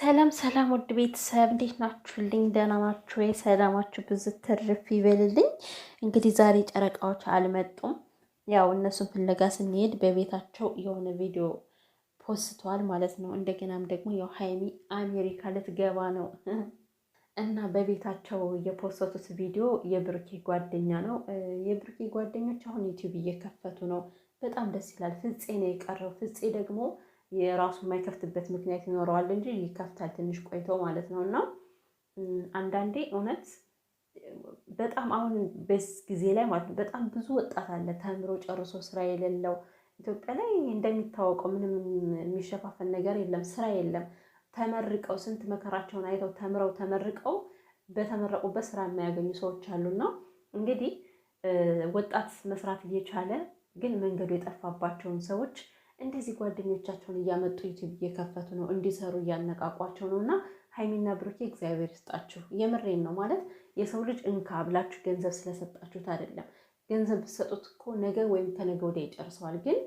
ሰላም ሰላም፣ ውድ ቤተሰብ እንዴት ናችሁልኝ? ደህና ናችሁ ወይ? ሰላማችሁ ብዙ ትርፍ ይበልልኝ። እንግዲህ ዛሬ ጨረቃዎች አልመጡም። ያው እነሱን ፍለጋ ስንሄድ በቤታቸው የሆነ ቪዲዮ ፖስተዋል ማለት ነው። እንደገናም ደግሞ ያው ሀይሚ አሜሪካ ልትገባ ነው እና በቤታቸው የፖስቱት ቪዲዮ የብሩኬ ጓደኛ ነው። የብሩኬ ጓደኞች አሁን ዩቲዩብ እየከፈቱ ነው። በጣም ደስ ይላል። ፍፄ ነው የቀረው። ፍፄ ደግሞ የራሱ የማይከፍትበት ምክንያት ይኖረዋል እንጂ ይከፍታል ትንሽ ቆይቶ ማለት ነው። እና አንዳንዴ እውነት በጣም አሁን በስ ጊዜ ላይ ማለት ነው በጣም ብዙ ወጣት አለ ተምሮ ጨርሶ ስራ የሌለው ኢትዮጵያ ላይ እንደሚታወቀው ምንም የሚሸፋፈን ነገር የለም፣ ስራ የለም። ተመርቀው ስንት መከራቸውን አይተው ተምረው ተመርቀው በተመረቁበት ስራ የማያገኙ ሰዎች አሉና እንግዲህ ወጣት መስራት እየቻለ ግን መንገዱ የጠፋባቸውን ሰዎች እንደዚህ ጓደኞቻቸውን እያመጡ ዩቲዩብ እየከፈቱ ነው፣ እንዲሰሩ እያነቃቋቸው ነው። እና ሀይሚና ብሩኬ እግዚአብሔር ይስጣችሁ። የምሬን ነው ማለት የሰው ልጅ እንካ ብላችሁ ገንዘብ ስለሰጣችሁት አይደለም። ገንዘብ ብትሰጡት እኮ ነገ ወይም ከነገ ወዲያ ይጨርሰዋል። ግን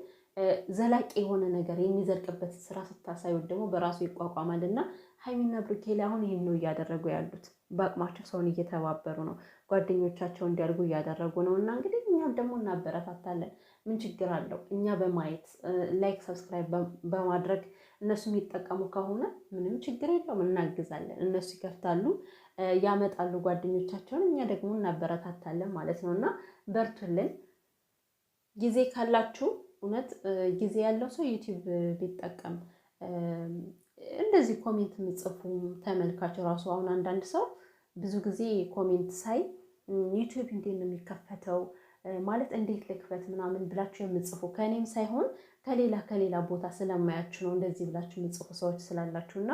ዘላቂ የሆነ ነገር የሚዘርቅበት ስራ ስታሳዩት ደግሞ በራሱ ይቋቋማል። እና ሀይሚና ብሩኬ ላይ አሁን ይህን ነው እያደረጉ ያሉት። በአቅማቸው ሰውን እየተባበሩ ነው፣ ጓደኞቻቸው እንዲያድጉ እያደረጉ ነው። እና እንግዲህ እኛም ደግሞ እናበረታታለን። ምን ችግር አለው? እኛ በማየት ላይክ ሰብስክራይብ በማድረግ እነሱ የሚጠቀሙ ከሆነ ምንም ችግር የለውም፣ እናግዛለን። እነሱ ይከፍታሉ፣ ያመጣሉ ጓደኞቻቸውን፣ እኛ ደግሞ እናበረታታለን ማለት ነው። እና በርቱልን። ጊዜ ካላችሁ እውነት ጊዜ ያለው ሰው ዩቲዩብ ቢጠቀም እንደዚህ ኮሜንት የምጽፉ ተመልካች ራሱ አሁን አንዳንድ ሰው ብዙ ጊዜ ኮሜንት ሳይ ዩቲዩብ እንዴት ነው የሚከፈተው ማለት እንዴት ልክፈት ምናምን ብላችሁ የምጽፉ ከእኔም ሳይሆን ከሌላ ከሌላ ቦታ ስለማያችሁ ነው እንደዚህ ብላችሁ የምጽፉ ሰዎች ስላላችሁ እና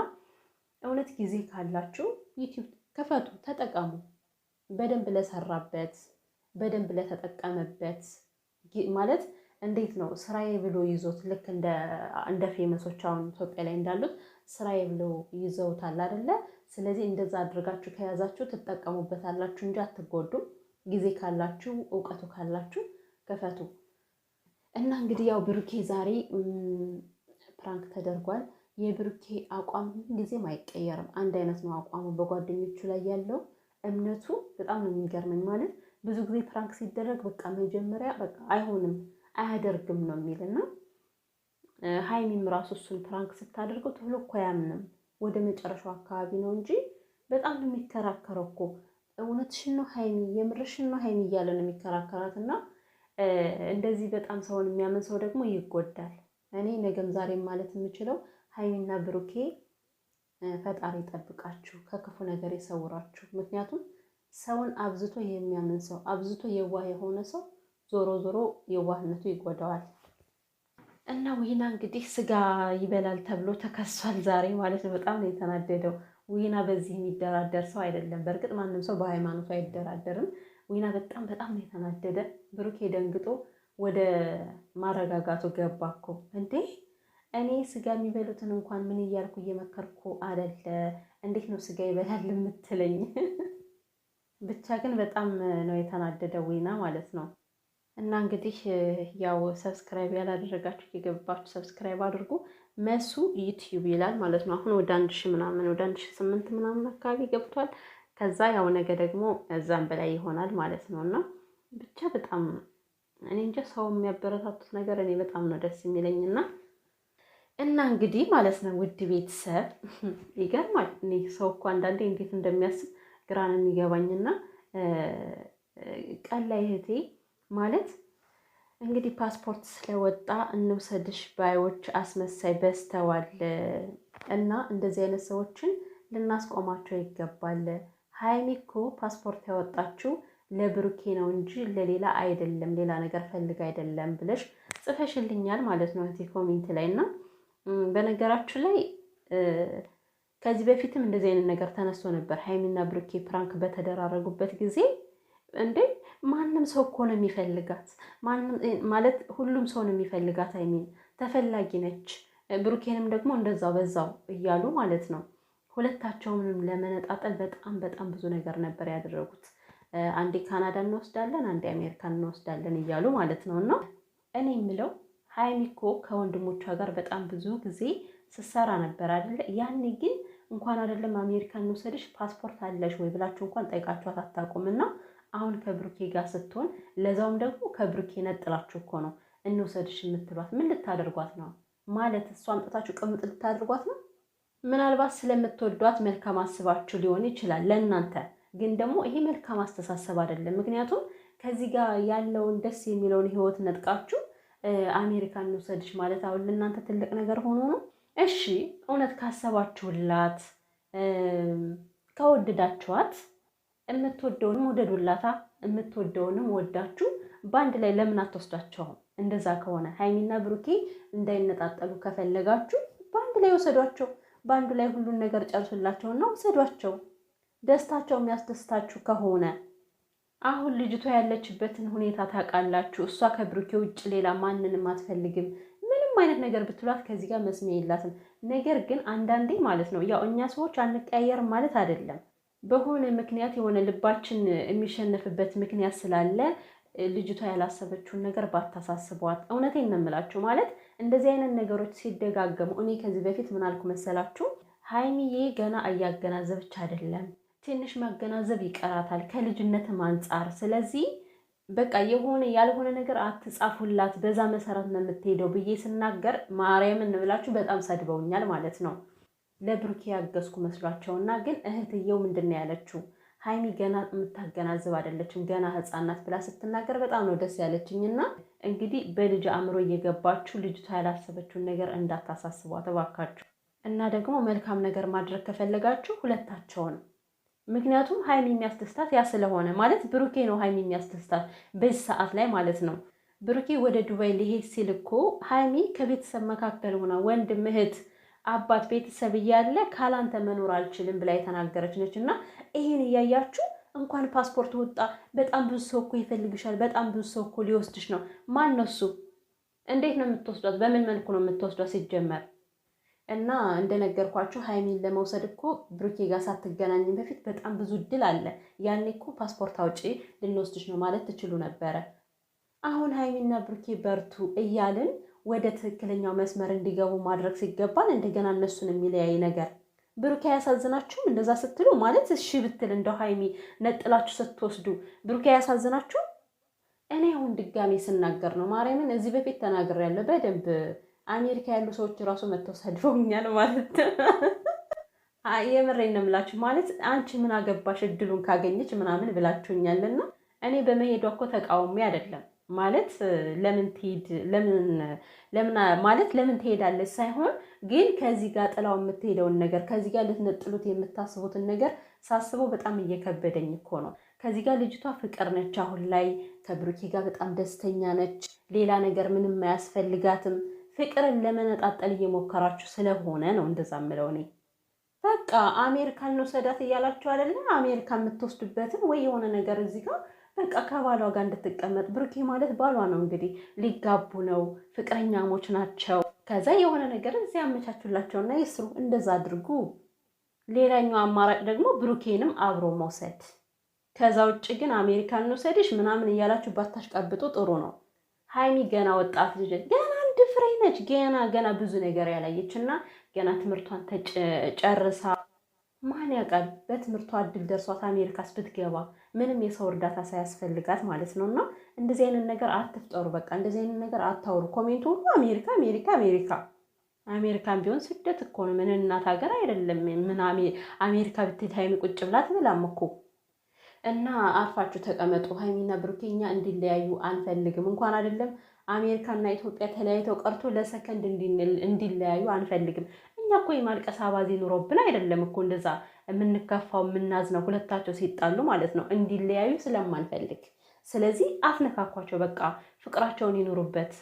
እውነት ጊዜ ካላችሁ ዩቲዩብ ክፈቱ፣ ተጠቀሙ። በደንብ ለሰራበት በደንብ ለተጠቀመበት ማለት እንዴት ነው ስራዬ ብሎ ይዞት ልክ እንደ ፌመሶች አሁን ኢትዮጵያ ላይ እንዳሉት ስራዬ ብሎ ይዘውታል አይደለ? ስለዚህ እንደዛ አድርጋችሁ ከያዛችሁ ትጠቀሙበታላችሁ እንጂ አትጎዱም። ጊዜ ካላችሁ እውቀቱ ካላችሁ ክፈቱ። እና እንግዲህ ያው ብሩኬ ዛሬ ፕራንክ ተደርጓል። የብሩኬ አቋም ጊዜም አይቀየርም፣ አንድ አይነት ነው አቋሙ በጓደኞቹ ላይ ያለው እምነቱ በጣም ነው የሚገርመኝ። ማለት ብዙ ጊዜ ፕራንክ ሲደረግ በቃ መጀመሪያ በቃ አይሆንም አያደርግም ነው የሚልና ሀይሚም ራሱ እሱን ፕራንክ ስታደርገው ቶሎ እኮ አያምንም ወደ መጨረሻው አካባቢ ነው እንጂ በጣም ነው የሚከራከረው እኮ እውነትሽን ነው ሀይሚ፣ የምርሽን ነው ሀይሚ እያለ ነው የሚከራከራት። እና እንደዚህ በጣም ሰውን የሚያምን ሰው ደግሞ ይጎዳል። እኔ ነገም ዛሬም ማለት የምችለው ሀይሚና ብሩኬ ፈጣሪ ይጠብቃችሁ፣ ከክፉ ነገር ይሰውራችሁ። ምክንያቱም ሰውን አብዝቶ የሚያምን ሰው አብዝቶ የዋህ የሆነ ሰው ዞሮ ዞሮ የዋህነቱ ይጎዳዋል። እና ዊና እንግዲህ ስጋ ይበላል ተብሎ ተከሷል ዛሬ ማለት ነው። በጣም ነው የተናደደው። ዊና በዚህ የሚደራደር ሰው አይደለም። በእርግጥ ማንም ሰው በሃይማኖቱ አይደራደርም። ዊና በጣም በጣም ነው የተናደደ። ብሩኬ ደንግጦ ወደ ማረጋጋቱ ገባ እኮ እንዴ እኔ ስጋ የሚበሉትን እንኳን ምን እያልኩ እየመከርኩ አደለ? እንዴት ነው ስጋ ይበላል የምትለኝ? ብቻ ግን በጣም ነው የተናደደ ዊና ማለት ነው። እና እንግዲህ ያው ሰብስክራይብ ያላደረጋችሁ የገባችሁ ሰብስክራይብ አድርጉ። መሱ ዩቲዩብ ይላል ማለት ነው። አሁን ወደ አንድ ሺ ምናምን ወደ አንድ ሺ ስምንት ምናምን አካባቢ ገብቷል። ከዛ ያው ነገ ደግሞ እዛም በላይ ይሆናል ማለት ነው። እና ብቻ በጣም እኔ እንጃ ሰው የሚያበረታቱት ነገር እኔ በጣም ነው ደስ የሚለኝ እና እና እንግዲህ ማለት ነው ውድ ቤተሰብ ይገርማል። እኔ ሰው እኮ አንዳንዴ እንዴት እንደሚያስብ ግራን የሚገባኝና ቀላይ እህቴ ማለት እንግዲህ ፓስፖርት ስለወጣ እንውሰድሽ ባዮች አስመሳይ በስተዋል እና እንደዚህ አይነት ሰዎችን ልናስቆማቸው ይገባል። ሀይሚ እኮ ፓስፖርት ያወጣችው ለብሩኬ ነው እንጂ ለሌላ አይደለም፣ ሌላ ነገር ፈልግ አይደለም ብለሽ ጽፈሽልኛል ማለት ነው እህቴ ኮሜንት ላይ እና በነገራችሁ ላይ ከዚህ በፊትም እንደዚህ አይነት ነገር ተነስቶ ነበር። ሀይሚና ብሩኬ ፕራንክ በተደራረጉበት ጊዜ እንዴ ማንም ሰው እኮ ነው የሚፈልጋት። ማለት ሁሉም ሰው ነው የሚፈልጋት። አይሚን ተፈላጊ ነች። ብሩኬንም ደግሞ እንደዛው በዛው እያሉ ማለት ነው። ሁለታቸውንም ለመነጣጠል በጣም በጣም ብዙ ነገር ነበር ያደረጉት። አንዴ ካናዳ እንወስዳለን፣ አንዴ አሜሪካን እንወስዳለን እያሉ ማለት ነው። እና እኔ የምለው ሀይሚ እኮ ከወንድሞቿ ጋር በጣም ብዙ ጊዜ ስሰራ ነበር አይደለ? ያኔ ግን እንኳን አይደለም አሜሪካን እንወሰድሽ ፓስፖርት አለሽ ወይ ብላችሁ እንኳን ጠይቃችኋት አታውቁም እና አሁን ከብሩኬ ጋር ስትሆን ለዛውም ደግሞ ከብሩኬ ነጥላችሁ እኮ ነው እንውሰድሽ የምትሏት። ምን ልታደርጓት ነው ማለት እሷ አምጥታችሁ ቅምጥ ልታደርጓት ነው? ምናልባት ስለምትወዷት መልካም አስባችሁ ሊሆን ይችላል ለእናንተ ግን ደግሞ ይሄ መልካም አስተሳሰብ አይደለም። ምክንያቱም ከዚህ ጋር ያለውን ደስ የሚለውን ህይወት ነጥቃችሁ አሜሪካ እንውሰድሽ ማለት አሁን ለእናንተ ትልቅ ነገር ሆኖ ነው። እሺ እውነት ካሰባችሁላት ከወደዳችኋት የምትወደውንም ወደዱላታ የምትወደውንም ወዳችሁ በአንድ ላይ ለምን አትወስዷቸውም? እንደዛ ከሆነ ሀይሚና ብሩኬ እንዳይነጣጠሉ ከፈለጋችሁ በአንድ ላይ ወሰዷቸው። በአንዱ ላይ ሁሉን ነገር ጨርሱላቸውና ወሰዷቸው። ደስታቸው የሚያስደስታችሁ ከሆነ አሁን ልጅቷ ያለችበትን ሁኔታ ታውቃላችሁ። እሷ ከብሩኬ ውጭ ሌላ ማንንም አትፈልግም። ምንም አይነት ነገር ብትሏት ከዚህ ጋር መስሚያ የላትም። ነገር ግን አንዳንዴ ማለት ነው ያው እኛ ሰዎች አንቀያየርም ማለት አይደለም በሆነ ምክንያት የሆነ ልባችን የሚሸነፍበት ምክንያት ስላለ ልጅቷ ያላሰበችውን ነገር ባታሳስቧት። እውነቴን ነው የምላችሁ። ማለት እንደዚህ አይነት ነገሮች ሲደጋገሙ እኔ ከዚህ በፊት ምን አልኩ መሰላችሁ? ሀይሚዬ ገና እያገናዘበች አይደለም፣ ትንሽ ማገናዘብ ይቀራታል ከልጅነትም አንጻር። ስለዚህ በቃ የሆነ ያልሆነ ነገር አትጻፉላት፣ በዛ መሰረት ነው የምትሄደው ብዬ ስናገር ማርያምን እንብላችሁ በጣም ሰድበውኛል ማለት ነው። ለብሩኬ ያገዝኩ መስሏቸውና ግን እህትየው ምንድን ነው ያለችው? ሀይሚ ገና የምታገናዘብ አይደለችም፣ ገና ህፃናት ናት ብላ ስትናገር በጣም ነው ደስ ያለችኝና እንግዲህ በልጅ አእምሮ እየገባችሁ ልጅቷ ያላሰበችውን ነገር እንዳታሳስቧት እባካችሁ። እና ደግሞ መልካም ነገር ማድረግ ከፈለጋችሁ ሁለታቸውን ምክንያቱም ሀይሚ የሚያስደስታት ያ ስለሆነ ማለት ብሩኬ ነው ሀይሚ የሚያስደስታት በዚህ ሰዓት ላይ ማለት ነው። ብሩኬ ወደ ዱባይ ሊሄድ ሲል እኮ ሀይሚ ከቤተሰብ መካከል ሆና ወንድም እህት አባት ቤተሰብ እያለ ካላንተ መኖር አልችልም ብላ የተናገረች ነች። እና ይሄን እያያችሁ እንኳን ፓስፖርት ወጣ፣ በጣም ብዙ ሰው እኮ ይፈልግሻል፣ በጣም ብዙ ሰው እኮ ሊወስድሽ ነው። ማን ነው እሱ? እንዴት ነው የምትወስዷት? በምን መልኩ ነው የምትወስዷት? ሲጀመር እና እንደነገርኳችሁ ሀይሚን ለመውሰድ እኮ ብሩኬ ጋር ሳትገናኝ በፊት በጣም ብዙ እድል አለ። ያኔ እኮ ፓስፖርት አውጪ ልንወስድሽ ነው ማለት ትችሉ ነበረ። አሁን ሀይሚና ብሩኬ በርቱ እያልን ወደ ትክክለኛው መስመር እንዲገቡ ማድረግ ሲገባን እንደገና እነሱን የሚለያይ ነገር ብሩኬ አያሳዝናችሁም? እንደዛ ስትሉ ማለት እሺ ብትል እንደው ሀይሚ ነጥላችሁ ስትወስዱ ብሩኬ አያሳዝናችሁም? እኔ አሁን ድጋሜ ስናገር ነው ማርያምን፣ እዚህ በፊት ተናግሬያለሁ በደንብ አሜሪካ ያሉ ሰዎች ራሱ መጥተው ሰድበውኛል ማለት የምሬን ነው የምላችሁ። ማለት አንቺ ምን አገባሽ እድሉን ካገኘች ምናምን ብላችሁኛልና እኔ በመሄዷ እኮ ተቃውሜ አይደለም ማለት ለምን ትሄድ ለምን ለምን ማለት ለምን ትሄዳለች ሳይሆን ግን ከዚህ ጋር ጥላው የምትሄደውን ነገር ከዚህ ጋር ልትነጥሉት የምታስቡትን ነገር ሳስበው በጣም እየከበደኝ እኮ ነው። ከዚህ ጋር ልጅቷ ፍቅር ነች። አሁን ላይ ከብሩኬ ጋር በጣም ደስተኛ ነች። ሌላ ነገር ምንም አያስፈልጋትም። ፍቅርን ለመነጣጠል እየሞከራችሁ ስለሆነ ነው እንደዛ ምለው እኔ። በቃ አሜሪካን ነው ሰዳት እያላችሁ አይደለ? አሜሪካ የምትወስድበትን ወይ የሆነ ነገር እዚህ ጋር በቃ ከባሏ ጋር እንድትቀመጥ ብሩኬ ማለት ባሏ ነው። እንግዲህ ሊጋቡ ነው፣ ፍቅረኛሞች ናቸው። ከዛ የሆነ ነገር እዚህ ይስሩ፣ እንደዛ አድርጉ። ሌላኛው አማራጭ ደግሞ ብሩኬንም አብሮ መውሰድ። ከዛ ውጭ ግን አሜሪካን እንውሰድሽ ምናምን እያላችሁ ባታሽቀብጡ ጥሩ ነው። ሀይሚ ገና ወጣት ልጅ ገና አንድ ፍሬ ነች። ገና ገና ብዙ ነገር ያላየች እና ገና ትምህርቷን ተጨርሳ ማን ያውቃል በትምህርቷ እድል ደርሷት አሜሪካስ ብትገባ ምንም የሰው እርዳታ ሳያስፈልጋት ማለት ነው። እና እንደዚህ አይነት ነገር አትፍጠሩ። በቃ እንደዚህ አይነት ነገር አታውሩ። ኮሜንቱ ሁሉ አሜሪካ አሜሪካ አሜሪካ አሜሪካን ቢሆን ስደት እኮ ነው። ምን እናት ሀገር አይደለም። ምን አሜሪካ ብትሄድ ሀይሚ ቁጭ ብላ ትብላም እኮ እና አርፋችሁ ተቀመጡ። ሀይሚና ብሩኬኛ እንዲለያዩ አንፈልግም። እንኳን አይደለም አሜሪካና ኢትዮጵያ ተለያይተው ቀርቶ ለሰከንድ እንዲለያዩ አንፈልግም። እኮ የማልቀስ አባዜ ኑሮብን አይደለም እኮ እንደዛ የምንከፋው የምናዝነው ሁለታቸው ሲጣሉ ማለት ነው፣ እንዲለያዩ ስለማንፈልግ። ስለዚህ አትነካኳቸው፣ በቃ ፍቅራቸውን ይኑሩበት።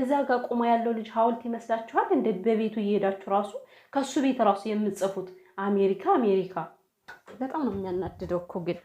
እዛ ጋር ቆሞ ያለው ልጅ ሀውልት ይመስላችኋል? እንደ በቤቱ እየሄዳችሁ ራሱ ከእሱ ቤት ራሱ የምትጽፉት አሜሪካ አሜሪካ፣ በጣም ነው የሚያናድደው እኮ ግን